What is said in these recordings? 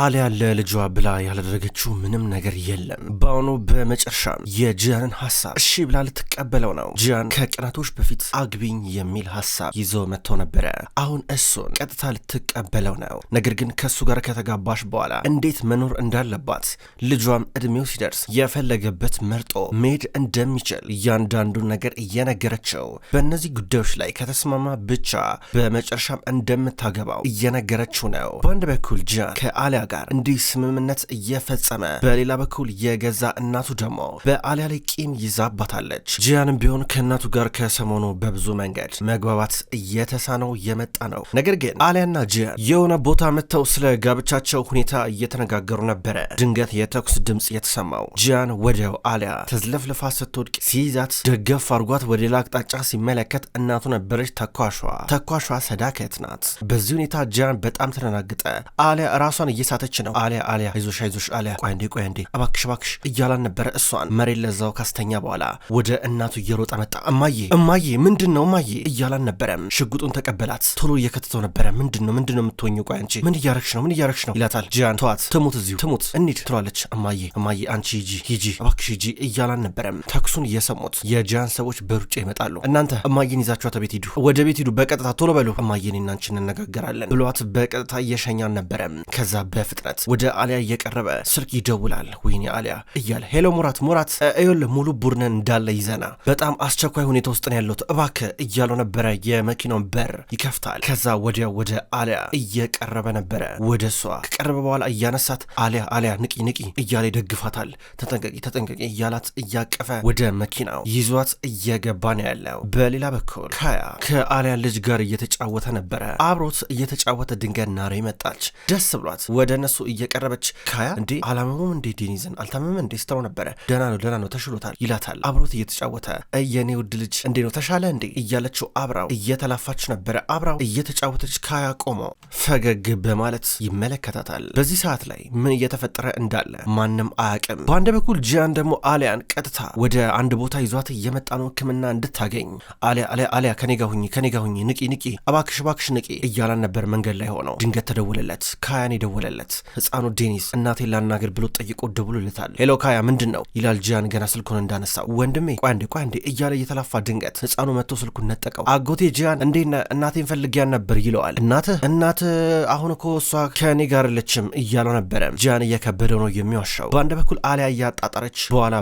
አሊያ ለልጇ ብላ ያላደረገችው ምንም ነገር የለም። በአሁኑ በመጨረሻም የጂያንን ሀሳብ እሺ ብላ ልትቀበለው ነው። ጂያን ከቀናቶች በፊት አግቢኝ የሚል ሀሳብ ይዞ መጥቶ ነበረ። አሁን እሱን ቀጥታ ልትቀበለው ነው። ነገር ግን ከእሱ ጋር ከተጋባሽ በኋላ እንዴት መኖር እንዳለባት ልጇም እድሜው ሲደርስ የፈለገበት መርጦ መሄድ እንደሚችል እያንዳንዱን ነገር እየነገረችው በእነዚህ ጉዳዮች ላይ ከተስማማ ብቻ በመጨረሻም እንደምታገባው እየነገረችው ነው። በአንድ በኩል ጂያን ከአሊያ ጋር እንዲህ ስምምነት እየፈጸመ በሌላ በኩል የገዛ እናቱ ደግሞ በአሊያ ላይ ቂም ይዛባታለች። ጂያንም ቢሆን ከእናቱ ጋር ከሰሞኑ በብዙ መንገድ መግባባት እየተሳነው የመጣ ነው። ነገር ግን አሊያና ጂያን የሆነ ቦታ መጥተው ስለ ጋብቻቸው ሁኔታ እየተነጋገሩ ነበረ። ድንገት የተኩስ ድምፅ የተሰማው ጂያን ወዲያው አሊያ ተዝለፍልፋ ስትወድቅ ሲይዛት ደገፍ አርጓት ወደ ሌላ አቅጣጫ ሲመለከት እናቱ ነበረች ተኳሿ። ተኳሿ ሰዳከት ናት። በዚህ ሁኔታ ጂያን በጣም ተደናግጠ አሊያ ራሷን እየሳ እየሳተች ነው። አሊያ አሊያ አይዞሽ አይዞሽ አሊያ ቆይ አንዴ ቆይ አንዴ እባክሽ እባክሽ እያላን ነበረ። እሷን መሬት ለዛው ካስተኛ በኋላ ወደ እናቱ እየሮጠ መጣ። እማዬ እማዬ ምንድን ነው እማዬ እያላን ነበረ። ሽጉጡን ተቀበላት። ቶሎ እየከተተው ነበረ። ምንድን ነው ምንድን ነው የምትሆኘው? ቆይ አንቺ ምን እያረግሽ ነው ምን እያረግሽ ነው ይላታል። ጂያን ተዋት፣ ትሙት እዚሁ ትሙት እንሂድ ትሏለች። እማዬ እማዬ አንቺ ሂጂ ሂጂ እባክሽ ሂጂ እያላን ነበረ። ተኩሱን እየሰሙት የጂያን ሰዎች በሩጫ ይመጣሉ። እናንተ እማዬን ይዛችኋት ቤት ሂዱ፣ ወደ ቤት ሂዱ በቀጥታ ቶሎ በሉ እማዬን እናንቺ እንነጋገራለን ብሏት በቀጥታ እየሸኛን ነበረ ከዛ በ በፍጥነት ወደ አሊያ እየቀረበ ስልክ ይደውላል። ወይኔ አሊያ እያለ ሄሎ ሙራት፣ ሙራት ይኸውልህ ሙሉ ቡድንን እንዳለ ይዘና በጣም አስቸኳይ ሁኔታ ውስጥ ነው ያለሁት እባክህ እያለው ነበረ። የመኪናውን በር ይከፍታል። ከዛ ወዲያ ወደ አሊያ እየቀረበ ነበረ። ወደ እሷ ከቀረበ በኋላ እያነሳት አሊያ አሊያ ንቂ ንቂ እያለ ይደግፋታል። ተጠንቀቂ ተጠንቀቂ እያላት እያቀፈ ወደ መኪናው ይዟት እየገባ ነው ያለው። በሌላ በኩል ካያ ከአሊያ ልጅ ጋር እየተጫወተ ነበረ። አብሮት እየተጫወተ ድንገት ናሬ መጣች። ደስ ብሏት ወደ ወደ እነሱ እየቀረበች ካያ እንዴ አላመሙም እንዴ ዴኒዝን አልታመመ እንዴ ስትለው ነበረ። ደህና ነው ደህና ነው ተሽሎታል ይላታል። አብሮት እየተጫወተ የኔ ውድ ልጅ እንዴ ነው ተሻለ እንዴ እያለችው አብራው እየተላፋች ነበረ። አብራው እየተጫወተች ካያ ቆሞ ፈገግ በማለት ይመለከታታል። በዚህ ሰዓት ላይ ምን እየተፈጠረ እንዳለ ማንም አያውቅም። በአንድ በኩል ጂያን ደግሞ አሊያን ቀጥታ ወደ አንድ ቦታ ይዟት እየመጣ ነው ህክምና እንድታገኝ አሊያ አሊያ አሊያ ከኔ ጋር ሁኚ ከኔ ጋር ሁኚ ንቂ ንቂ እባክሽ እባክሽ ንቂ እያላን ነበር መንገድ ላይ ሆነው ድንገት ተደወለለት። ካያን የደወለለት ደወለለት። ህፃኑ ዴኒስ እናቴ ላናገር ብሎ ጠይቆ ደውሎለታል። ሄሎ ካያ ምንድን ነው ይላል ጂያን ገና ስልኩን እንዳነሳው። ወንድሜ ቆይ አንዴ ቆይ አንዴ እያለ እየተላፋ ድንገት ህፃኑ መጥቶ ስልኩን ነጠቀው። አጎቴ ጂያን እንዴ እናቴን ፈልጊያን ነበር ይለዋል። እናትህ እናትህ አሁን እኮ እሷ ከእኔ ጋር ለችም እያለው ነበረ። ጂያን እየከበደው ነው የሚዋሻው። በአንድ በኩል አሊያ እያጣጣረች፣ በኋላ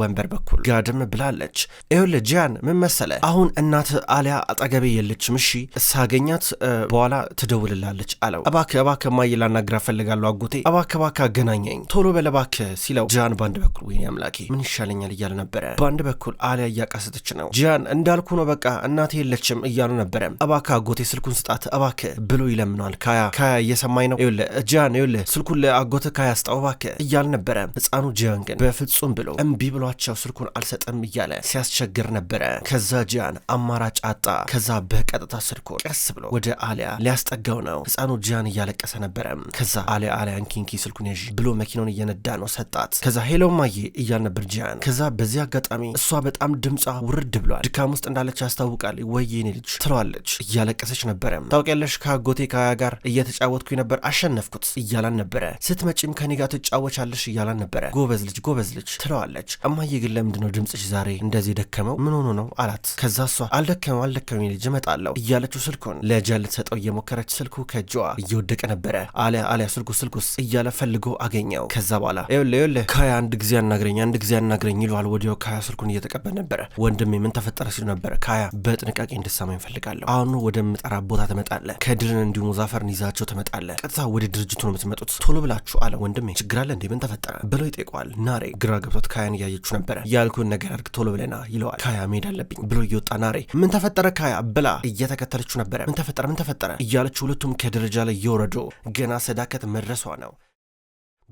ወንበር በኩል ጋድም ብላለች። ይኸውልህ ጂያን ምን መሰለ አሁን እናት አሊያ አጠገቤ የለችም። እሺ እሳገኛት በኋላ ትደውልላለች አለው። እባክህ እባክህ እማዬ ላናግራት ፈልጋ እፈልጋለሁ አጎቴ እባክህ እባክህ አገናኘኝ ቶሎ በል እባክህ ሲለው ጂያን በአንድ በኩል ወይኔ አምላኬ ምን ይሻለኛል እያለ ነበረ። በአንድ በኩል አሊያ እያቃሰተች ነው። ጂያን እንዳልኩ ነው በቃ እናቴ የለችም እያሉ ነበረ። እባክህ አጎቴ ስልኩን ስጣት እባክህ ብሎ ይለምኗል። ካያ ካያ እየሰማኝ ነው ይኸውልህ ጂያን ይኸውልህ ስልኩን ለአጎትህ ካያ ስጣው እባክህ እያለ ነበረ። ህፃኑ ጂያን ግን በፍጹም ብሎ እምቢ ብሏቸው ስልኩን አልሰጠም እያለ ሲያስቸግር ነበረ። ከዛ ጂያን አማራጭ አጣ። ከዛ በቀጥታ ስልኩን ቀስ ብሎ ወደ አሊያ ሊያስጠጋው ነው። ህፃኑ ጂያን እያለቀሰ ነበረ። ከዛ አሊያ አሊያ ኪንኪ ስልኩን ያዥ ብሎ መኪናውን እየነዳ ነው ሰጣት። ከዛ ሄሎ ማዬ እያል ነበር ጂያን። ከዛ በዚህ አጋጣሚ እሷ በጣም ድምጿ ውርድ ብሏል፣ ድካም ውስጥ እንዳለች ያስታውቃል። ወይ የኔ ልጅ ትለዋለች፣ እያለቀሰች ነበረ። ታውቂያለሽ ከአጎቴ ከሀያ ጋር እየተጫወትኩኝ ነበር አሸነፍኩት እያላን ነበረ። ስትመጪም ከኔ ጋር ትጫወቻለሽ እያላን ነበረ። ጎበዝ ልጅ ጎበዝ ልጅ ትለዋለች። እማዬ ግን ነው ድምፅሽ ዛሬ እንደዚህ ደከመው ምን ሆኖ ነው አላት። ከዛ እሷ አልደከመው አልደከመው ልጅ እመጣለሁ እያለችው ስልኩን ለጃን ልትሰጠው እየሞከረች ስልኩ ከእጇ እየወደቀ ነበረ። አሊያ አሊያ ስልኩ ስልኩስ እያለ ፈልጎ አገኘው። ከዛ በኋላ ይኸውልህ ይኸውልህ ካያ አንድ ጊዜ አናግረኝ አንድ ጊዜ አናግረኝ ይለዋል። ወዲያው ካያ ስልኩን እየተቀበል ነበረ። ወንድሜ ምን ተፈጠረ ሲሉ ነበረ። ካያ በጥንቃቄ እንድትሰማኝ እፈልጋለሁ። አሁኑ ወደ ምጠራ ቦታ ትመጣለ ከድርን እንዲሁም ሙዛፈርን ይዛቸው ትመጣለ ቀጥታ ወደ ድርጅቱ ነው የምትመጡት፣ ቶሎ ብላችሁ አለ። ወንድሜ ችግር አለ እንዴ ምን ተፈጠረ ብሎ ይጠይቀዋል። ናሬ ግራ ገብቷት ካያን እያየችው ነበረ። ያልኩን ነገር አድርግ ቶሎ ብለና ይለዋል። ካያ መሄድ አለብኝ ብሎ እየወጣ ናሬ ምን ተፈጠረ ካያ ብላ እየተከተለችው ነበረ። ምን ተፈጠረ ምን ተፈጠረ እያለች ሁለቱም ከደረጃ ላይ እየወረዱ ገና ሰዳከት መድረሷ ነው።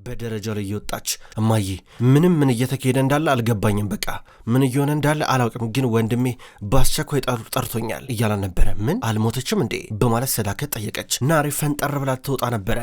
በደረጃ ላይ እየወጣች እማዬ፣ ምንም ምን እየተካሄደ እንዳለ አልገባኝም። በቃ ምን እየሆነ እንዳለ አላውቅም፣ ግን ወንድሜ በአስቸኳይ ጠርቶኛል እያላ ነበረ። ምን አልሞተችም እንዴ በማለት ሰዳከት ጠየቀች። ናሬ ፈንጠር ብላ ትወጣ ነበረ፣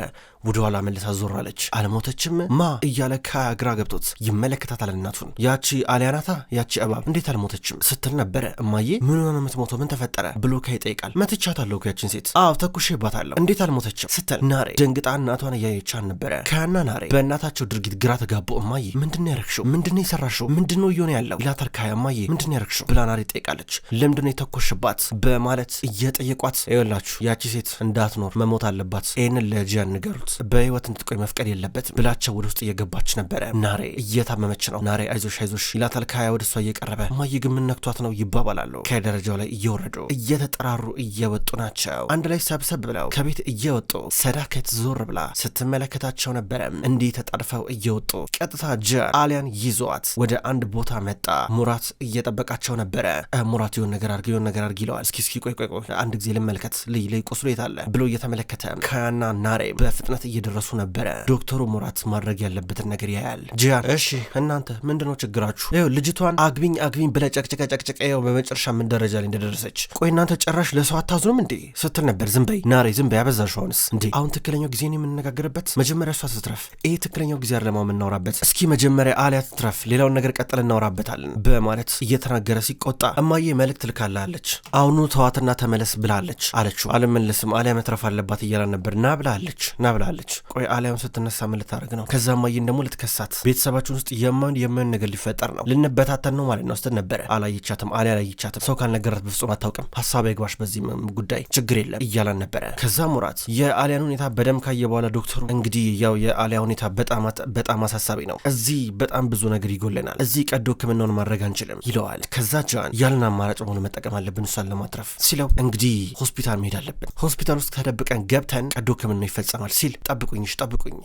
ወደኋላ መለሳ ዞር አልሞተችም ማ እያለ ከግራ ገብቶት ይመለከታታል። እናቱን ያቺ አሊያናታ ያቺ እባብ እንዴት አልሞተችም ስትል ነበረ። እማዬ ምን ሆነ የምትሞተው ምን ተፈጠረ ብሎ ከይጠይቃል። መትቻታለሁ ያችን ሴት፣ አዎ ተኩሼባታለሁ፣ እንዴት አልሞተችም ስትል ናሬ ደንግጣ እናቷን እያየቻን ነበረ። ከያና ናሬ ዛሬ በእናታቸው ድርጊት ግራ ተጋቦ እማዬ ምንድነው ያረግሽው? ምንድነው የሰራሽው? ምንድነው እየሆነ ያለው ይላታል። ካያ እማዬ ምንድነው ያረግሽው ብላ ናሬ ጠይቃለች። ለምንድነው የተኮሽባት በማለት እየጠየቋት ይወላችሁ ያቺ ሴት እንዳትኖር መሞት አለባት፣ ይህንን ለጂያን ንገሩት፣ በህይወት እንድትቆይ መፍቀድ የለበት ብላቸው ወደ ውስጥ እየገባች ነበረ። ናሬ እየታመመች ነው። ናሬ አይዞሽ አይዞሽ ይላታል። ካያ ወደ እሷ እየቀረበ እማዬ ግን ምን ነክቷት ነው ይባባላሉ። ከደረጃው ላይ እየወረዱ እየተጠራሩ እየወጡ ናቸው። አንድ ላይ ሰብሰብ ብለው ከቤት እየወጡ ሰዳከት ዞር ብላ ስትመለከታቸው ነበረ። እንዲህ ተጠርፈው እየወጡ ቀጥታ ጀር አሊያን ይዟት ወደ አንድ ቦታ መጣ። ሙራት እየጠበቃቸው ነበረ። ሙራት የሆን ነገር አድርግ የሆን ነገር አድርግ ይለዋል። እስኪ እስኪ ቆይ ቆይ ቆይ አንድ ጊዜ ልመልከት ልይ ልይ ቁስሉ የታለ ብሎ እየተመለከተ ካያና ናሬ በፍጥነት እየደረሱ ነበረ። ዶክተሩ ሙራት ማድረግ ያለበትን ነገር ያያል። ጂያን እሺ እናንተ ምንድነው ችግራችሁ? ይኸው ልጅቷን አግቢኝ አግቢኝ ብለ ጨቅጨቀ ጨቅጨቀ ይኸው በመጨረሻ ምን ደረጃ ላይ እንደደረሰች ቆይ እናንተ ጭራሽ ለሰው አታዝኑም እንዴ ስትል ነበር። ዝም በይ ናሬ ዝም በይ አበዛሽ። አሁንስ እንዴ አሁን ትክክለኛው ጊዜ ነው የምንነጋገርበት። መጀመሪያ እሷ ስትረፍ ይህ ትክክለኛው ጊዜ አይደለም የምናወራበት። እስኪ መጀመሪያ አሊያ ትትረፍ፣ ሌላውን ነገር ቀጥል እናወራበታለን በማለት እየተናገረ ሲቆጣ እማዬ መልእክት ልካላለች፣ አሁኑ ተዋትና ተመለስ ብላለች አለችው። አልመለስም አሊያ መትረፍ አለባት እያላ ነበር። ና ብላለች፣ ና ብላለች። ቆይ አሊያውን ስትነሳ ምን ልታደርግ ነው? ከዛ እማዬን ደግሞ ልትከሳት፣ ቤተሰባችን ውስጥ የማን የማን ነገር ሊፈጠር ነው፣ ልንበታተን ነው ማለት ነው ስትል ነበረ። አላየቻትም፣ አሊያ አላየቻትም። ሰው ካልነገራት በፍጹም አታውቅም። ሀሳብ ይግባሽ በዚህ ጉዳይ ችግር የለም እያላን ነበረ። ከዛ ሙራት የአሊያን ሁኔታ በደም ካየ በኋላ ዶክተሩ እንግዲህ ያው የአሊያ ሁኔታ ሁኔታ በጣም አሳሳቢ ነው። እዚህ በጣም ብዙ ነገር ይጎለናል። እዚህ ቀዶ ህክምናውን ማድረግ አንችልም ይለዋል። ከዛ ጃን ያለን አማራጭ መሆኑ መጠቀም አለብን እሷን ለማትረፍ ሲለው እንግዲህ ሆስፒታል መሄድ አለብን። ሆስፒታል ውስጥ ተደብቀን ገብተን ቀዶ ሕክምናው ይፈጸማል ሲል ጠብቁኝ፣ ጠብቁኝ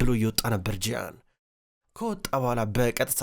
ብሎ እየወጣ ነበር ጃን። ከወጣ በኋላ በቀጥታ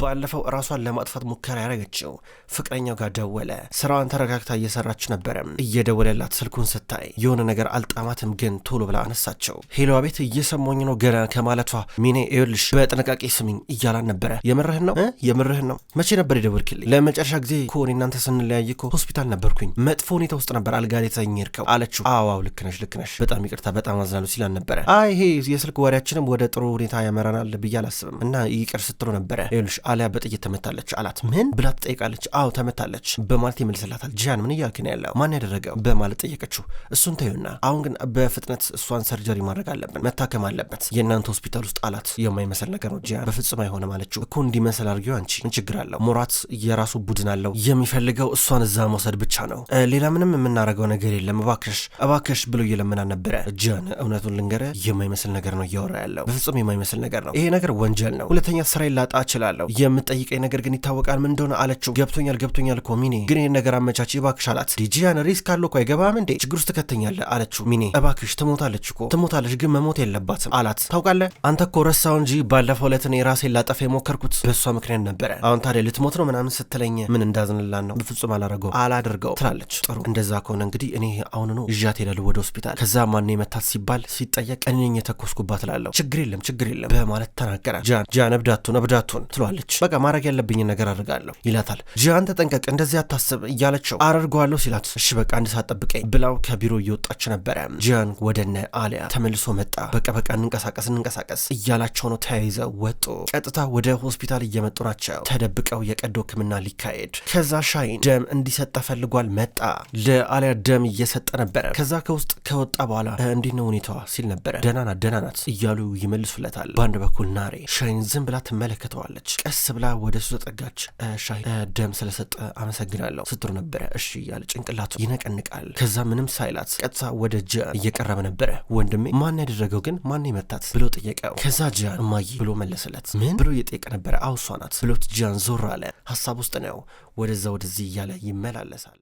ባለፈው ራሷን ለማጥፋት ሙከራ ያደረገችው ፍቅረኛው ጋር ደወለ። ስራዋን ተረጋግታ እየሰራች ነበረም። እየደወለላት ስልኩን ስታይ የሆነ ነገር አልጣማትም፣ ግን ቶሎ ብላ አነሳቸው። ሄሎ ቤት እየሰሞኝ ነው ገና ከማለቷ ሚኔ ይኸውልሽ በጥንቃቄ ስሚኝ እያላን ነበረ። የምርህን ነው የምርህን ነው መቼ ነበር የደወልክልኝ? ለመጨረሻ ጊዜ እኮ እኔ እናንተ ስንለያይ እኮ ሆስፒታል ነበርኩኝ። መጥፎ ሁኔታ ውስጥ ነበር አልጋ ላይ ተኝርከው አለችው። አዋው ልክ ነሽ ልክ ነሽ፣ በጣም ይቅርታ በጣም አዝናሉ ሲላን ነበረ። አይ ይሄ የስልክ ወሬያችንም ወደ ጥሩ ሁኔታ ያመራናል ብያላስ አላስብም እና ይቅር ስትሎ ነበረ። ሌሎች አሊያ በጥይት ተመታለች አላት። ምን ብላ ትጠይቃለች። አዎ ተመታለች በማለት ይመልስላታል። ጂያን ምን እያልክ ነው ያለው? ማን ያደረገው በማለት ጠየቀችው። እሱን ተዩና፣ አሁን ግን በፍጥነት እሷን ሰርጀሪ ማድረግ አለብን፣ መታከም አለበት የእናንተ ሆስፒታል ውስጥ አላት። የማይመስል ነገር ነው ጂያን፣ በፍጹም አይሆንም አለችው። እኮ እንዲመስል አድርጊው አንቺ፣ ምን ችግር አለው? ሞራት የራሱ ቡድን አለው። የሚፈልገው እሷን እዛ መውሰድ ብቻ ነው። ሌላ ምንም የምናደርገው ነገር የለም። እባክሽ እባክሽ ብሎ እየለመና ነበረ። ጂያን እውነቱን ልንገረ፣ የማይመስል ነገር ነው እያወራ ያለው፣ በፍጹም የማይመስል ነገር ነው ይሄ ነገር። ወንጀል ነው። ሁለተኛ ስራዬን ላጣ እችላለሁ። የምትጠይቀኝ ነገር ግን ይታወቃል ምን እንደሆነ አለችው። ገብቶኛል ገብቶኛል እኮ ሚኔ፣ ግን ይህን ነገር አመቻች እባክሽ አላት። ዲጂያን ሪስክ አለው እኮ አይገባም እንዴ ችግር ውስጥ ትከተኛለህ አለችው። ሚኔ እባክሽ ትሞታለች እኮ ትሞታለች፣ ግን መሞት የለባትም አላት። ታውቃለህ አንተ እኮ ረሳው እንጂ ባለፈው ዕለት እኔ ራሴን ላጠፋ የሞከርኩት በእሷ ምክንያት ነበረ። አሁን ታዲያ ልትሞት ነው ምናምን ስትለኝ ምን እንዳዝንላን ነው? በፍጹም አላረገው አላደርገው ትላለች። ጥሩ እንደዛ ከሆነ እንግዲህ እኔ አሁን ነው ይዣት ሄዳለሁ ወደ ሆስፒታል። ከዛ ማን የመታት ሲባል ሲጠየቅ እኔ ነኝ የተኮስኩባት እላለሁ። ችግር የለም ችግር የለም በማለት ተናገረ። ጃን ጃን እብዳቱን እብዳቱን ትሏለች። በቃ ማድረግ ያለብኝን ነገር አድርጋለሁ ይላታል። ጃን ተጠንቀቅ፣ እንደዚህ አታስብ እያለችው አደርገዋለሁ ሲላት እሺ በቃ አንድ ሰዓት ጠብቀኝ ብላው ከቢሮ እየወጣች ነበረ። ጃን ወደነ አሊያ ተመልሶ መጣ። በቃ በቃ እንንቀሳቀስ እንንቀሳቀስ እያላቸው ነው። ተያይዘው ወጡ። ቀጥታ ወደ ሆስፒታል እየመጡ ናቸው። ተደብቀው የቀዶ ሕክምና ሊካሄድ ከዛ ሻይን ደም እንዲሰጠ ፈልጓል። መጣ ለአሊያ ደም እየሰጠ ነበረ። ከዛ ከውስጥ ከወጣ በኋላ እንዴት ነው ሁኔታዋ ሲል ነበረ። ደህና ናት ደህና ናት እያሉ ይመልሱለታል። በአንድ በኩል ናሬ ሻይን ዝም ብላ ትመለከተዋለች። ቀስ ብላ ወደ እሱ ተጠጋች። ሻይ ደም ስለሰጠ አመሰግናለሁ ስትሩ ነበረ። እሺ እያለ ጭንቅላቱ ይነቀንቃል። ከዛ ምንም ሳይላት ቀጥታ ወደ ጃ እየቀረበ ነበረ። ወንድሜ ማን ያደረገው ግን ማን መታት ብሎ ጠየቀው። ከዛ ጃ እማዬ ብሎ መለሰለት። ምን ብሎ እየጠየቀ ነበረ። አዎ ናት ብሎት ጃን ዞር አለ። ሀሳብ ውስጥ ነው። ወደዛ ወደዚህ እያለ ይመላለሳል።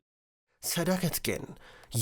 ሰዳከት ግን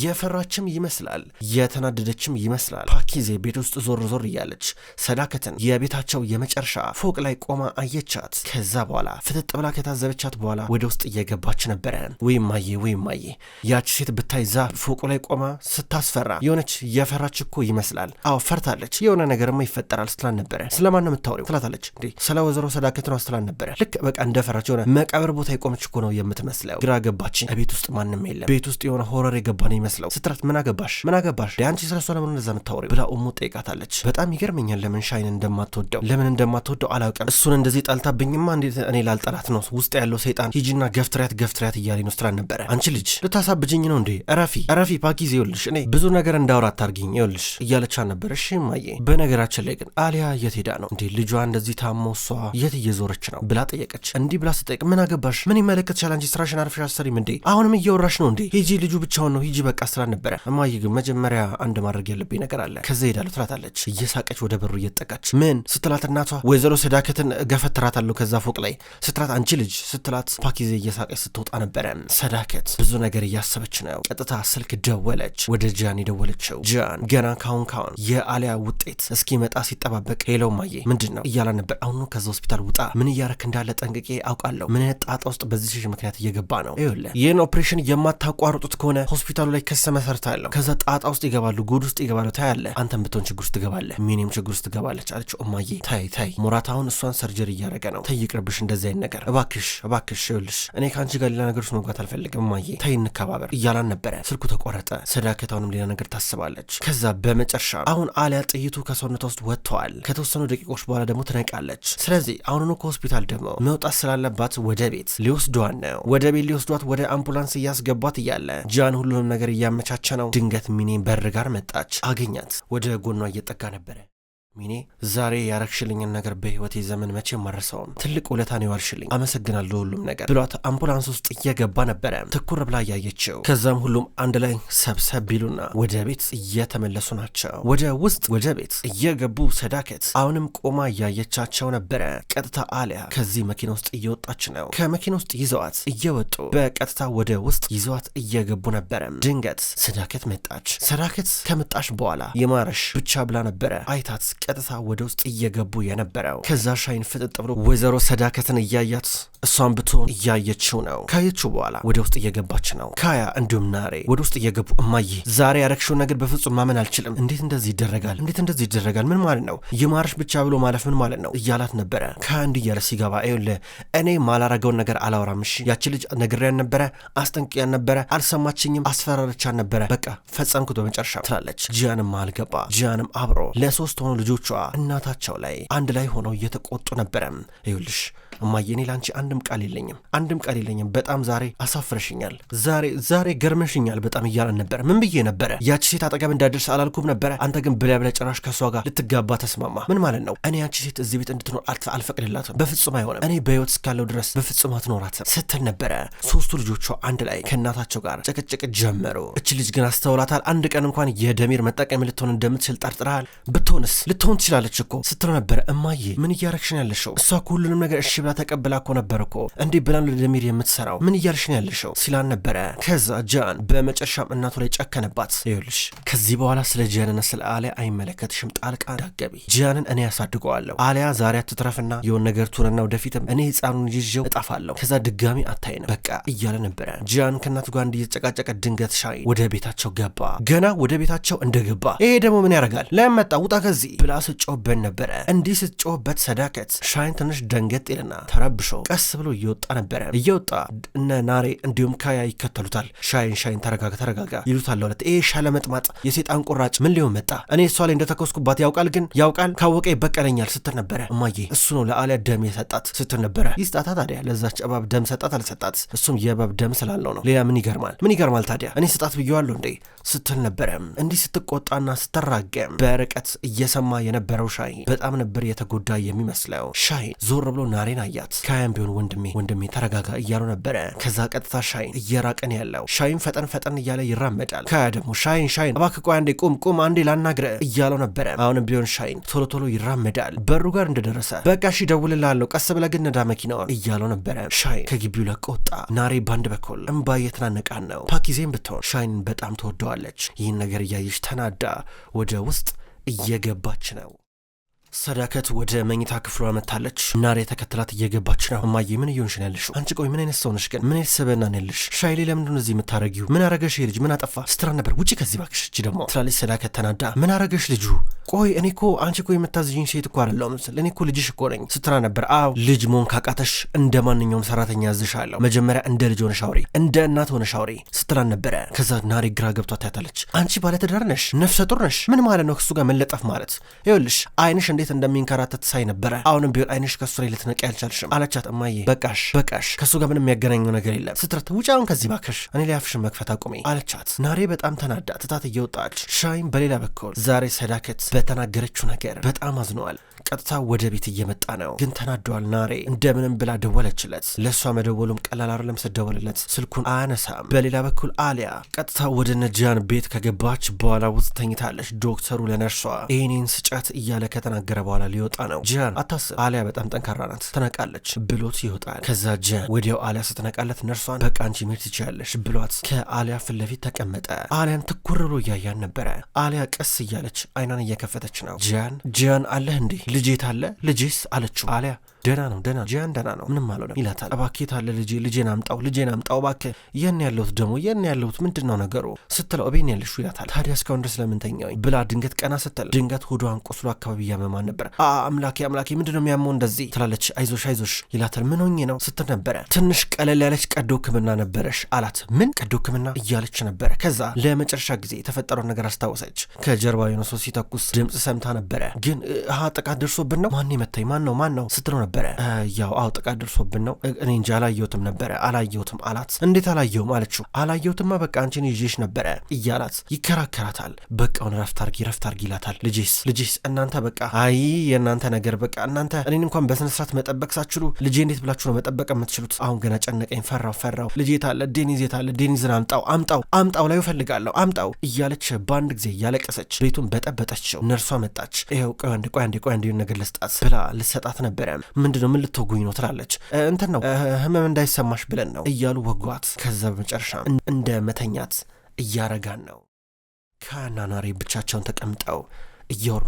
የፈራችም ይመስላል፣ የተናደደችም ይመስላል። ፓኪዜ ቤት ውስጥ ዞር ዞር እያለች ሰዳከትን የቤታቸው የመጨረሻ ፎቅ ላይ ቆማ አየቻት። ከዛ በኋላ ፍጥጥ ብላ ከታዘበቻት በኋላ ወደ ውስጥ እየገባች ነበረ። ወይ ማየ ወይ ማየ ያች ሴት ብታይ ዛ ፎቁ ላይ ቆማ ስታስፈራ የሆነች የፈራች እኮ ይመስላል። አዎ ፈርታለች። የሆነ ነገርማ ይፈጠራል ስትላን ነበረ። ስለማን ነው የምታወሪው ትላታለች። እንዴ ስለ ወይዘሮ ሰዳከት ነው ስትላን ነበረ። ልክ በቃ እንደፈራች የሆነ መቃብር ቦታ የቆመች እኮ ነው የምትመስለው። ግራ ገባች። ቤት ውስጥ ማንም የለም። ቤት ውስጥ የሆነ ሆረር የገባ የሚመስለው ስትራት ምን አገባሽ ምን አገባሽ አንቺ ስለሷ ለምን እንደዛ የምታወሪው ብላ ኡሙ ጠይቃታለች። በጣም ይገርመኛል ለምን ሻይን እንደማትወደው ለምን እንደማትወደው አላውቅም። እሱን እንደዚህ ጣልታብኝማ እንዴት እኔ ላልጠላት ነው ውስጥ ያለው ሰይጣን ሂጂና ገፍትሪያት ገፍትሪያት እያለኝ ነው ስትላት ነበረ። አንቺ ልጅ ልታሳብጅኝ ነው እንዴ ረፊ ረፊ ፓኪዝ ይኸውልሽ እኔ ብዙ ነገር እንዳውራ አታርጊኝ ይኸውልሽ እያለቻ ነበር። እሺ እማዬ። በነገራችን ላይ ግን አሊያ የት ሄዳ ነው እንዴ ልጇ እንደዚህ ታሞ እሷ የት እየዞረች ነው ብላ ጠየቀች። እንዲህ ብላ ስጠይቅ ምን አገባሽ ምን ይመለከትሻል አንቺ ስራሽን አርፈሽ አሰሪም እንዴ አሁንም እያወራሽ ነው እንዴ ሂጂ ልጁ ብቻውን ነው ሂጂ በቃ ስራ ነበረ። እማዬ ግን መጀመሪያ አንድ ማድረግ ያለብኝ ነገር አለ፣ ከዚ ሄዳለሁ ትላታለች፣ እየሳቀች ወደ በሩ እየጠቃች ምን ስትላት እናቷ ወይዘሮ ሰዳከትን ገፈትራታለሁ ከዛ ፎቅ ላይ ስትላት አንቺ ልጅ ስትላት ፓኪዜ እየሳቀች ስትወጣ ነበረ። ሰዳከት ብዙ ነገር እያሰበች ነው። ቀጥታ ስልክ ደወለች፣ ወደ ጃን የደወለችው። ጃን ገና ካሁን ካሁን የአሊያ ውጤት እስኪመጣ ሲጠባበቅ ሄሎ እማዬ ምንድን ነው እያላ ነበር። አሁኑ ከዛ ሆስፒታል ውጣ፣ ምን እያረክ እንዳለ ጠንቅቄ አውቃለሁ። ምን ጣጣ ውስጥ በዚህ ሽሽ ምክንያት እየገባ ነው ይለ ይህን ኦፕሬሽን የማታቋርጡት ከሆነ ሆስፒታሉ ላይ ላይ ክስ መሰርታለሁ። ከዛ ጣጣ ውስጥ ይገባሉ፣ ጉድ ውስጥ ይገባሉ። ታያለህ፣ አንተም ብትሆን ችግር ውስጥ ትገባለህ፣ ሚኒም ችግር ውስጥ ትገባለች አለችው። እማዬ ታይ ታይ፣ ሙራት አሁን እሷን ሰርጀሪ እያደረገ ነው። ተይ ይቅርብሽ፣ እንደዚህ አይነት ነገር እባክሽ፣ እባክሽ። ይኸውልሽ እኔ ከአንቺ ጋር ሌላ ነገር ውስጥ መግባት አልፈልግም እማዬ፣ ታይ እንከባበር እያላን ነበረ። ስልኩ ተቆረጠ። ሰዳከት አሁንም ሌላ ነገር ታስባለች። ከዛ በመጨረሻ አሁን አሊያ ጥይቱ ከሰውነቷ ውስጥ ወጥተዋል። ከተወሰኑ ደቂቆች በኋላ ደግሞ ትነቃለች። ስለዚህ አሁኑኑ ከሆስፒታል ደግሞ መውጣት ስላለባት ወደ ቤት ሊወስዷት ነው። ወደ ቤት ሊወስዷት ወደ አምቡላንስ እያስገቧት እያለ ጃን ሁሉንም ነገር ነገር እያመቻቸ ነው። ድንገት ሚኔ በር ጋር መጣች። አገኛት። ወደ ጎኗ እየጠጋ ነበረ። ሚኔ ዛሬ ያረግሽልኝን ነገር በሕይወቴ ዘመን መቼ መርሰውም። ትልቅ ውለታን ይዋልሽልኝ፣ አመሰግናለሁ ሁሉም ነገር ብሏት አምቡላንስ ውስጥ እየገባ ነበረ ትኩር ብላ እያየችው። ከዛም ሁሉም አንድ ላይ ሰብሰብ ቢሉና ወደ ቤት እየተመለሱ ናቸው። ወደ ውስጥ ወደ ቤት እየገቡ ሰዳከት አሁንም ቆማ እያየቻቸው ነበረ። ቀጥታ አሊያ ከዚህ መኪና ውስጥ እየወጣች ነው። ከመኪና ውስጥ ይዘዋት እየወጡ በቀጥታ ወደ ውስጥ ይዘዋት እየገቡ ነበረ። ድንገት ሰዳከት መጣች። ሰዳከት ከመጣች በኋላ የማረሽ ብቻ ብላ ነበረ አይታት ቀጥታ ወደ ውስጥ እየገቡ የነበረው። ከዛ ሻይን ፍጥጥ ብሎ ወይዘሮ ሰዳከትን እያያት እሷን ብትሆን እያየችው ነው። ካየችው በኋላ ወደ ውስጥ እየገባች ነው። ካያ እንዲሁም ናሬ ወደ ውስጥ እየገቡ እማዬ፣ ዛሬ ያረግሽውን ነገር በፍጹም ማመን አልችልም። እንዴት እንደዚህ ይደረጋል? እንዴት እንደዚህ ይደረጋል? ምን ማለት ነው? ይማርሽ ብቻ ብሎ ማለፍ ምን ማለት ነው? እያላት ነበረ። ካያ እንዲህ እያለ ሲገባ ይኸውልህ፣ እኔ ማላረገውን ነገር አላወራምሽ። ያቺ ልጅ ነግሬያን ነበረ፣ አስጠንቅያን ነበረ፣ አልሰማችኝም፣ አስፈራረቻን ነበረ። በቃ ፈጸምኩት በመጨረሻ ትላለች። ጂያንም አልገባ ጂያንም አብሮ ለሶስት ሆኑ ልጆ ልጆቿ እናታቸው ላይ አንድ ላይ ሆነው እየተቆጡ ነበረ። ይኸውልሽ እማዬ፣ እኔ ላንቺ አንድም ቃል የለኝም፣ አንድም ቃል የለኝም። በጣም ዛሬ አሳፍረሽኛል፣ ዛሬ ዛሬ ገርመሽኛል በጣም እያለን ነበረ ምን ብዬ ነበረ? ያቺ ሴት አጠገብ እንዳደርስ አላልኩም ነበረ? አንተ ግን ብላ ብላ ጭራሽ ከእሷ ጋር ልትጋባ ተስማማ። ምን ማለት ነው? እኔ ያቺ ሴት እዚህ ቤት እንድትኖር አልፈቅድላትም፣ በፍጹም አይሆንም። እኔ በህይወት እስካለው ድረስ በፍጹም አትኖራትም ስትል ነበረ። ሶስቱ ልጆቿ አንድ ላይ ከእናታቸው ጋር ጭቅጭቅ ጀመሩ። እች ልጅ ግን አስተውላታል። አንድ ቀን እንኳን የደሚር መጠቀም ልትሆን እንደምትችል ጠርጥረሃል። ብትሆንስ ልትሆን ትችላለች እኮ ስትለው ነበረ። እማዬ ምን እያረግሽን ያለሽው? እሷ ሁሉንም ነገር እሺ ብላ ተቀብላ እኮ ነበር እኮ እንዴ ብላን ለደሚር የምትሰራው ምን እያልሽ ነው ያለሽው ሲላን ነበረ። ከዛ ጃን በመጨረሻም እናቱ ላይ ጨከነባት። ይኸውልሽ ከዚህ በኋላ ስለ ጃንና ስለ አሊያ አይመለከትሽም፣ ጣልቃ ዳገቢ ጃንን እኔ ያሳድገዋለሁ። አሊያ ዛሬ አትትረፍና የሆነ ነገር ቱንና ወደፊትም እኔ ህፃኑን ይዤው እጣፋለሁ። ከዛ ድጋሚ አታይንም በቃ እያለ ነበረ። ጃን ከእናቱ ጋር እንዲጨቃጨቀ ድንገት ሻይ ወደ ቤታቸው ገባ። ገና ወደ ቤታቸው እንደገባ ይሄ ደግሞ ምን ያደርጋል ለመጣ ውጣ ከዚህ ብላ ስጮህበት ነበረ። እንዲህ ስትጮህበት ሰዳከት ሻይን ትንሽ ደንገጥ ይልና ተረብሾ ቀስ ብሎ እየወጣ ነበረ። እየወጣ እነ ናሬ እንዲሁም ካያ ይከተሉታል። ሻይን ሻይን ተረጋጋ ተረጋጋ ይሉታል። ለሁለት ይሄ ሻለመጥማጥ የሴጣን ቁራጭ ምን ሊሆን መጣ? እኔ እሷ ላይ እንደተኮስኩባት ያውቃል፣ ግን ያውቃል ካወቀ ይበቀለኛል ስትል ነበረ። እማዬ እሱ ነው ለአሊያ ደም የሰጣት ስትል ነበረ። ይስጣታ ታዲያ ለዛች እባብ ደም ሰጣት አልሰጣት፣ እሱም የእባብ ደም ስላለው ነው። ሌላ ምን ይገርማል? ምን ይገርማል ታዲያ እኔ ስጣት ብየዋለሁ እንዴ ስትል ነበረ። እንዲህ ስትቆጣና ስትራገም በርቀት እየሰማ የነበረው ሻይ በጣም ነበር የተጎዳ የሚመስለው። ሻይ ዞር ብሎ ናሬን አሳያት። ካያም ቢሆን ወንድሜ ወንድሜ ተረጋጋ እያሉ ነበረ። ከዛ ቀጥታ ሻይን እየራቀን ያለው ሻይን ፈጠን ፈጠን እያለ ይራመዳል። ካያ ደግሞ ሻይን ሻይን እባክህ ቆይ አንዴ ቁም ቁም አንዴ ላናግረ እያለው ነበረ። አሁንም ቢሆን ሻይን ቶሎ ቶሎ ይራመዳል። በሩ ጋር እንደደረሰ በቃ ሺ ደውልልሃለሁ ቀስ ብለህ ግን ነዳ መኪናውን እያለው ነበረ። ሻይን ከግቢው ለቆ ወጣ። ናሬ ባንድ በኩል እምባ እየተናነቃን ነው። ፓኪዜም ብትሆን ሻይንን በጣም ተወደዋለች ይህን ነገር እያየች ተናዳ ወደ ውስጥ እየገባች ነው። ሰዳከት ወደ መኝታ ክፍሏ መታለች። ናሬ ተከትላት እየገባች ነው። እማዬ ምን እየሆንሽ ነው ያለሽው? አንቺ ቆይ ምን አይነት ሰው ነሽ ግን? ምን አይነት ሰበና ነው ያለሽ? ሻይሌ ለምንድን ነው እዚህ የምታረጊው? ምን አረገሽ? ልጅ ምን አጠፋ? ስትራ ነበር ውጪ ከዚህ ባክሽ። እቺ ደግሞ ትላለች ሰዳከት ተናዳ። ምን አረገሽ ልጁ? ቆይ እኔ እኮ አንቺ እኮ የምታዝዥኝ ሴት እኮ አይደለሁም ምስል እኔ እኮ ልጅሽ እኮ ነኝ። ስትራ ነበር። አዎ ልጅ መሆን ካቃተሽ እንደ ማንኛውም ሰራተኛ ያዝሻለሁ። መጀመሪያ እንደ ልጅ ሆነሽ አውሪ፣ እንደ እናት ሆነሽ አውሪ ስትላን ነበረ። ከዛ ናሬ ግራ ገብቷ ታያታለች። አንቺ ባለትዳር ነሽ፣ ነፍሰ ጡር ነሽ። ምን ማለት ነው ከሱ ጋር መለጠፍ ማለት? ይኸውልሽ አይንሽ እንዴት እንደሚንከራተት ሳይ ነበረ። አሁንም ቢሆን አይንሽ ከሱ ላይ ልትነቂ አልቻልሽም አለቻት። እማዬ በቃሽ በቃሽ፣ ከሱ ጋር ምንም የሚያገናኘው ነገር የለም ስትረት፣ ውጪ አሁን ከዚህ ባክሽ፣ እኔ ላይ አፍሽን መክፈት አቁሜ አለቻት። ናሬ በጣም ተናዳ ትታት እየወጣች ሻይም በሌላ በኩል ዛሬ ሰዳከት በተናገረችው ነገር በጣም አዝነዋል። ቀጥታ ወደ ቤት እየመጣ ነው፣ ግን ተናደዋል። ናሬ እንደምንም ብላ ደወለችለት። ለእሷ መደወሉም ቀላል አይደለም። ስደወልለት ስልኩን አያነሳም። በሌላ በኩል አሊያ ቀጥታ ወደ ነጃን ቤት ከገባች በኋላ ውስጥ ተኝታለች። ዶክተሩ ለነርሷ ይህኔን ስጫት እያለ ከተናገ ከተናገረ በኋላ ሊወጣ ነው። ጃን አታስብ፣ አሊያ በጣም ጠንካራ ናት፣ ትነቃለች ብሎት ይወጣል። ከዛ ጃን ወዲያው አሊያ ስትነቃለት ነርሷን በቃ አንቺ መሄድ ትችያለሽ ብሏት ከአሊያ ፊት ለፊት ተቀመጠ። አሊያን ትኩር ብሎ እያያን ነበረ። አሊያ ቀስ እያለች አይናን እየከፈተች ነው። ጃን ጃን አለህ እንዴ? ልጄ ታለ ልጄስ? አለችው አሊያ ደና ነው ደና ጂያን ደና ነው ምንም አልሆነም ይላታል። እባክህ የት አለ ልጄ? ልጄን አምጣው ልጄን አምጣው እባክህ። የን ያለሁት ደግሞ የን ያለሁት ምንድን ነው ነገሩ ስትለው እቤን ያለሹ ይላታል። ታዲያ እስካሁን ድረስ ለምን ተኛኝ ብላ ድንገት ቀና ስትል ድንገት ሆዷን ቁስሉ አካባቢ እያመማ እየተሰማን ነበር። አምላኬ አምላኬ ምንድነው የሚያመው እንደዚህ ትላለች። አይዞሽ አይዞሽ ይላታል። ምን ሆኜ ነው ስትል ነበረ። ትንሽ ቀለል ያለች ቀዶ ህክምና ነበረሽ አላት። ምን ቀዶ ህክምና እያለች ነበረ። ከዛ ለመጨረሻ ጊዜ የተፈጠረውን ነገር አስታወሰች። ከጀርባ የሆነ ሰው ሲተኩስ ድምፅ ሰምታ ነበረ። ግን ሀ ጥቃት ደርሶብን ነው ማን መታኝ ማን ነው ማን ነው ስትለው ነበረ። ያው አዎ ጥቃት ደርሶብን ነው እኔ እንጂ አላየሁትም ነበረ አላየሁትም አላት። እንዴት አላየሁም አለችው። አላየሁትማ በቃ አንቺን ይዤሽ ነበረ እያላት ይከራከራታል። በቃውን ረፍት አርጊ ረፍት አርጊ ይላታል። ልጄስ ልጄስ እናንተ በቃ አይ የእናንተ ነገር በቃ እናንተ እኔን እንኳን በስነ ስርዓት መጠበቅ ሳችሉ ልጄ እንዴት ብላችሁ ነው መጠበቅ የምትችሉት? አሁን ገና ጨነቀኝ፣ ፈራው ፈራው። ልጄ ታለ ዴኒዝ የታለ ዴኒዝን አምጣው አምጣው አምጣው ላይ ፈልጋለሁ አምጣው እያለች በአንድ ጊዜ እያለቀሰች ቤቱን በጠበጠችው። ነርሷ መጣች። ይኸው ቆይ አንዴ ቆይ አንዴ ቆይ አንዴ ነገር ልስጣት ብላ ልሰጣት ነበረ። ነው ምን ልትወጉኝ ነው ትላለች። እንትን ነው ህመም እንዳይሰማሽ ብለን ነው እያሉ ወጓት። ከዛ በመጨረሻ እንደ መተኛት እያረጋን ነው። ከናናሬ ብቻቸውን ተቀምጠው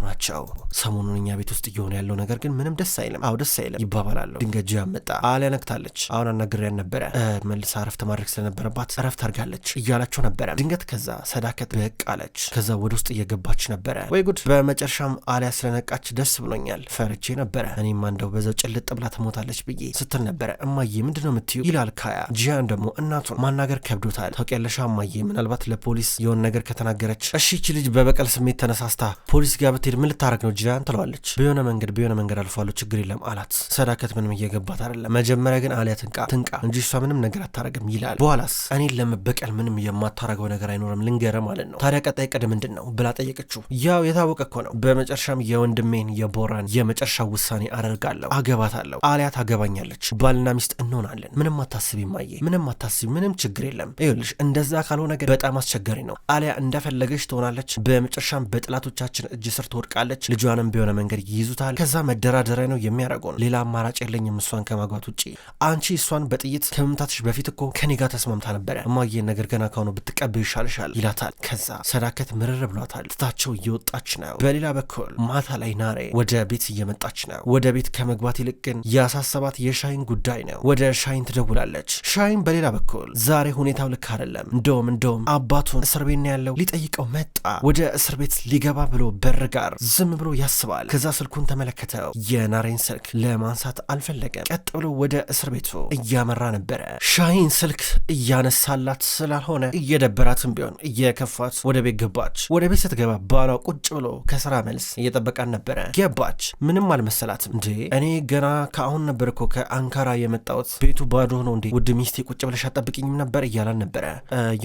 ናቸው። ሰሞኑን እኛ ቤት ውስጥ እየሆነ ያለው ነገር ግን ምንም ደስ አይልም። አዎ ደስ አይልም ይባባላለሁ። ድንገት ጂያን መጣ። አሊያ ነግታለች። አሁን አናግሬያት ነበረ፣ መልሳ እረፍት ማድረግ ስለነበረባት እረፍት አድርጋለች እያላቸው ነበረ። ድንገት ከዛ ሰዳከት ብቅ አለች። ከዛ ወደ ውስጥ እየገባች ነበረ። ወይ ጉድ! በመጨረሻም አሊያ ስለነቃች ደስ ብሎኛል። ፈርቼ ነበረ። እኔም አንደው በዛው ጭልጥ ብላ ትሞታለች ብዬ ስትል ነበረ። እማዬ ምንድን ነው የምትዩ? ይላል ካያ። ጂያን ደግሞ እናቱን ማናገር ከብዶታል። ታውቂያለሽ እማዬ፣ ምናልባት ለፖሊስ የሆነ ነገር ከተናገረች እሺ፣ ይቺ ልጅ በበቀል ስሜት ተነሳስታ ፖሊስ ፖሊስ ጋር ብትሄድ ምን ልታረግ ነው ጂያን ትለዋለች። በሆነ መንገድ በሆነ መንገድ አልፏለሁ ችግር የለም አላት። ሰዳከት ምንም እየገባት አይደለም። መጀመሪያ ግን አሊያ ትንቃ ትንቃ እንጂ እሷ ምንም ነገር አታረግም ይላል። በኋላስ እኔን ለመበቀል ምንም የማታረገው ነገር አይኖርም ልንገረ ማለት ነው። ታዲያ ቀጣይ ቅድ ምንድን ነው ብላ ጠየቀችው። ያው የታወቀ እኮ ነው። በመጨረሻም የወንድሜን የቦራን የመጨረሻ ውሳኔ አደርጋለሁ። አገባታለሁ። አሊያ ታገባኛለች። ባልና ሚስት እንሆናለን። ምንም አታስቢ ማየ፣ ምንም አታስቢ፣ ምንም ችግር የለም። ይኸውልሽ እንደዛ ካልሆነ ግን በጣም አስቸጋሪ ነው። አሊያ እንደፈለገች ትሆናለች። በመጨረሻም በጥላቶቻችን እጅ ስር ትወድቃለች። ልጇንም ቢሆነ መንገድ ይይዙታል። ከዛ መደራደሪያ ነው የሚያደርገው። ሌላ አማራጭ የለኝም እሷን ከማግባት ውጭ። አንቺ እሷን በጥይት ከመምታትሽ በፊት እኮ ከኔ ጋር ተስማምታ ነበረ። እማዬን ነገር ገና ከሆኑ ብትቀበዩ ይሻልሻል ይላታል። ከዛ ሰዳከት ምርር ብሏታል። ትታቸው እየወጣች ነው። በሌላ በኩል ማታ ላይ ናሬ ወደ ቤት እየመጣች ነው። ወደ ቤት ከመግባት ይልቅ ግን የአሳሰባት የሻይን ጉዳይ ነው። ወደ ሻይን ትደውላለች። ሻይን በሌላ በኩል ዛሬ ሁኔታው ልክ አይደለም። እንደውም እንደውም አባቱን እስር ቤት ነው ያለው ሊጠይቀው መጣ። ወደ እስር ቤት ሊገባ ብሎ በ በር ጋር ዝም ብሎ ያስባል። ከዛ ስልኩን ተመለከተው። የናሬን ስልክ ለማንሳት አልፈለገም። ቀጥ ብሎ ወደ እስር ቤቱ እያመራ ነበረ። ሻሂን ስልክ እያነሳላት ስላልሆነ እየደበራትም ቢሆን እየከፋት ወደ ቤት ገባች። ወደ ቤት ስትገባ ባሏ ቁጭ ብሎ ከስራ መልስ እየጠበቃን ነበረ። ገባች። ምንም አልመሰላትም። እንዴ እኔ ገና ከአሁን ነበር እኮ ከአንካራ የመጣሁት ቤቱ ባዶ ሆኖ እንዴ ውድ ሚስቴ ቁጭ ብለሽ አጠብቅኝም ነበር እያላን ነበረ።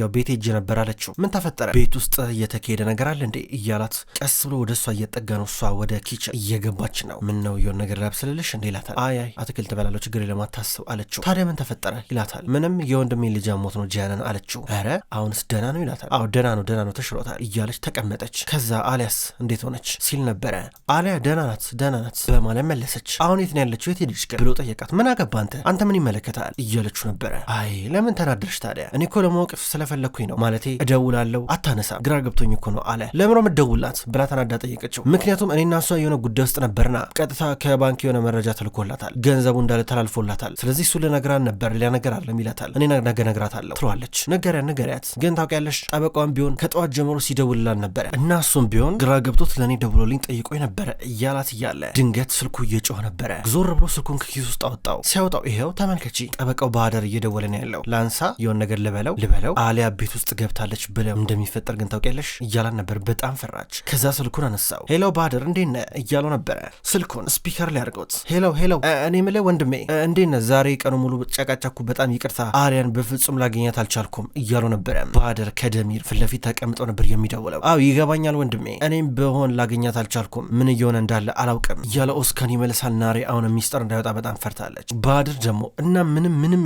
ያው ቤት ሄጄ ነበር አለችው። ምን ተፈጠረ? ቤት ውስጥ እየተካሄደ ነገር አለ እንዴ እያላት ቀስ ብሎ ወደ እሷ እየጠጋ ነው። እሷ ወደ ኪች እየገባች ነው። ምን ነው የሆነ ነገር ላብስልልሽ እንዴ ይላታል። አይ አይ አትክልት በላለው ችግር ለማታስብ አለችው። ታዲያ ምን ተፈጠረ ይላታል። ምንም የወንድሜ ልጅ ሞት ነው ጂያንን አለችው። ኧረ አሁንስ ደና ነው ይላታል። አዎ ደና ነው ደና ነው ተሽሎታል እያለች ተቀመጠች። ከዛ አሊያስ እንዴት ሆነች ሲል ነበረ። አሊያ ደና ናት ደና ናት በማለት መለሰች። አሁን የት ነው ያለችው የት ሄደች ግን ብሎ ጠየቃት። ምን አገባ አንተ አንተ ምን ይመለከታል እያለችው ነበረ። አይ ለምን ተናደርሽ ታዲያ እኔ እኮ ለማወቅ ስለፈለግኩኝ ነው ማለቴ እደውላለሁ አታነሳ ግራ ገብቶኝ እኮ ነው አለ። ለምሮም እደውላት ብላ ተናደ አናዳ ጠየቀችው። ምክንያቱም እኔና እሷ የሆነ ጉዳይ ውስጥ ነበርና ቀጥታ ከባንክ የሆነ መረጃ ተልኮላታል፣ ገንዘቡ እንዳለ ተላልፎላታል። ስለዚህ እሱ ልነግራን ነበር ሌላ ነገር አለም ይላታል። እኔ ነገ እነግራታለሁ ትሏለች። ነገሪያን ነገሪያት ግን ታውቂያለሽ፣ ጠበቃዋን ቢሆን ከጠዋት ጀምሮ ሲደውልላን ነበረ እና እሱም ቢሆን ግራ ገብቶት ለእኔ ደውሎልኝ ጠይቆ ነበረ እያላት እያለ ድንገት ስልኩ እየጮህ ነበረ። ዞር ብሎ ስልኩን ከኪስ ውስጥ አወጣው። ሲያወጣው ይሄው ተመልከቺ፣ ጠበቃው ባህዳር እየደወለ ነው ያለው። ላንሳ የሆን ነገር ልበለው ልበለው አሊያ ቤት ውስጥ ገብታለች ብለው እንደሚፈጠር ግን ታውቂያለሽ እያላን ነበር። በጣም ፈራች። ከዛ ስልኩ ስልኩን አነሳው። ሄሎ ባድር እንዴት ነህ እያለው ነበረ። ስልኩን ስፒከር ላይ አድርጎት ሄሎ ሄሎ፣ እኔ ምለ ወንድሜ እንዴት ነህ? ዛሬ ቀኑ ሙሉ ጨቃጨኩ፣ በጣም ይቅርታ አሊያን በፍጹም ላገኛት አልቻልኩም እያለው ነበረ። ባድር ከደሚር ፊት ለፊት ነበር የሚደውለው። አዎ ይገባኛል ወንድሜ፣ እኔም በሆን ላገኛት አልቻልኩም፣ ምን እየሆነ እንዳለ አላውቅም እያለ ኦስካን ይመልሳል። ናሬ አሁን ሚስጥር እንዳይወጣ በጣም ፈርታለች። ባድር ደግሞ እና ምንም ምንም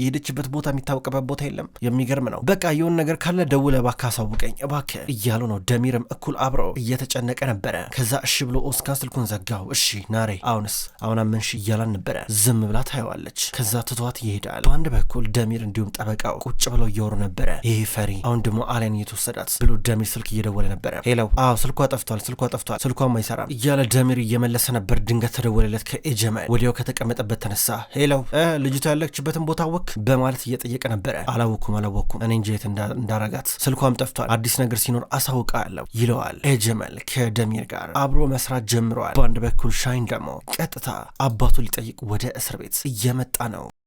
የሄደችበት ቦታ የሚታወቅበት ቦታ የለም። የሚገርም ነው። በቃ የሆን ነገር ካለ ደውለ ባካ አሳውቀኝ እባክህ እያሉ ነው። ደሚርም እኩል አብረው እየተ እየተጨነቀ ነበረ። ከዛ እሺ ብሎ ኦስካ ስልኩን ዘጋው። እሺ ናሬ አሁንስ አሁን አመንሽ እያላን ነበረ። ዝም ብላ ታየዋለች። ከዛ ትቷት ይሄዳል። በአንድ በኩል ደሚር እንዲሁም ጠበቃው ቁጭ ብለው እያወሩ ነበረ። ይሄ ፈሪ አሁን ደግሞ አሊያን እየተወሰዳት ብሎ ደሚር ስልክ እየደወለ ነበረ። ሄለው አዎ ስልኳ ጠፍቷል፣ ስልኳ ጠፍቷል፣ ስልኳም አይሰራም እያለ ደሚር እየመለሰ ነበር። ድንገት ተደወለለት ከኤጀመል። ወዲያው ከተቀመጠበት ተነሳ። ሄለው ልጅቷ ያለችበትን ቦታ ወክ በማለት እየጠየቀ ነበረ። አላወኩም አላወኩም እኔ እንጂ የት እንዳረጋት ስልኳም ጠፍቷል፣ አዲስ ነገር ሲኖር አሳውቃለሁ ይለዋል ኤጀመል ሆኗል። ከደሚር ጋር አብሮ መስራት ጀምረዋል። በአንድ በኩል ሻይን ደግሞ ቀጥታ አባቱ ሊጠይቅ ወደ እስር ቤት እየመጣ ነው።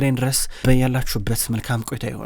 እስከምንገናኝ ድረስ በያላችሁበት መልካም ቆይታ ይሆን።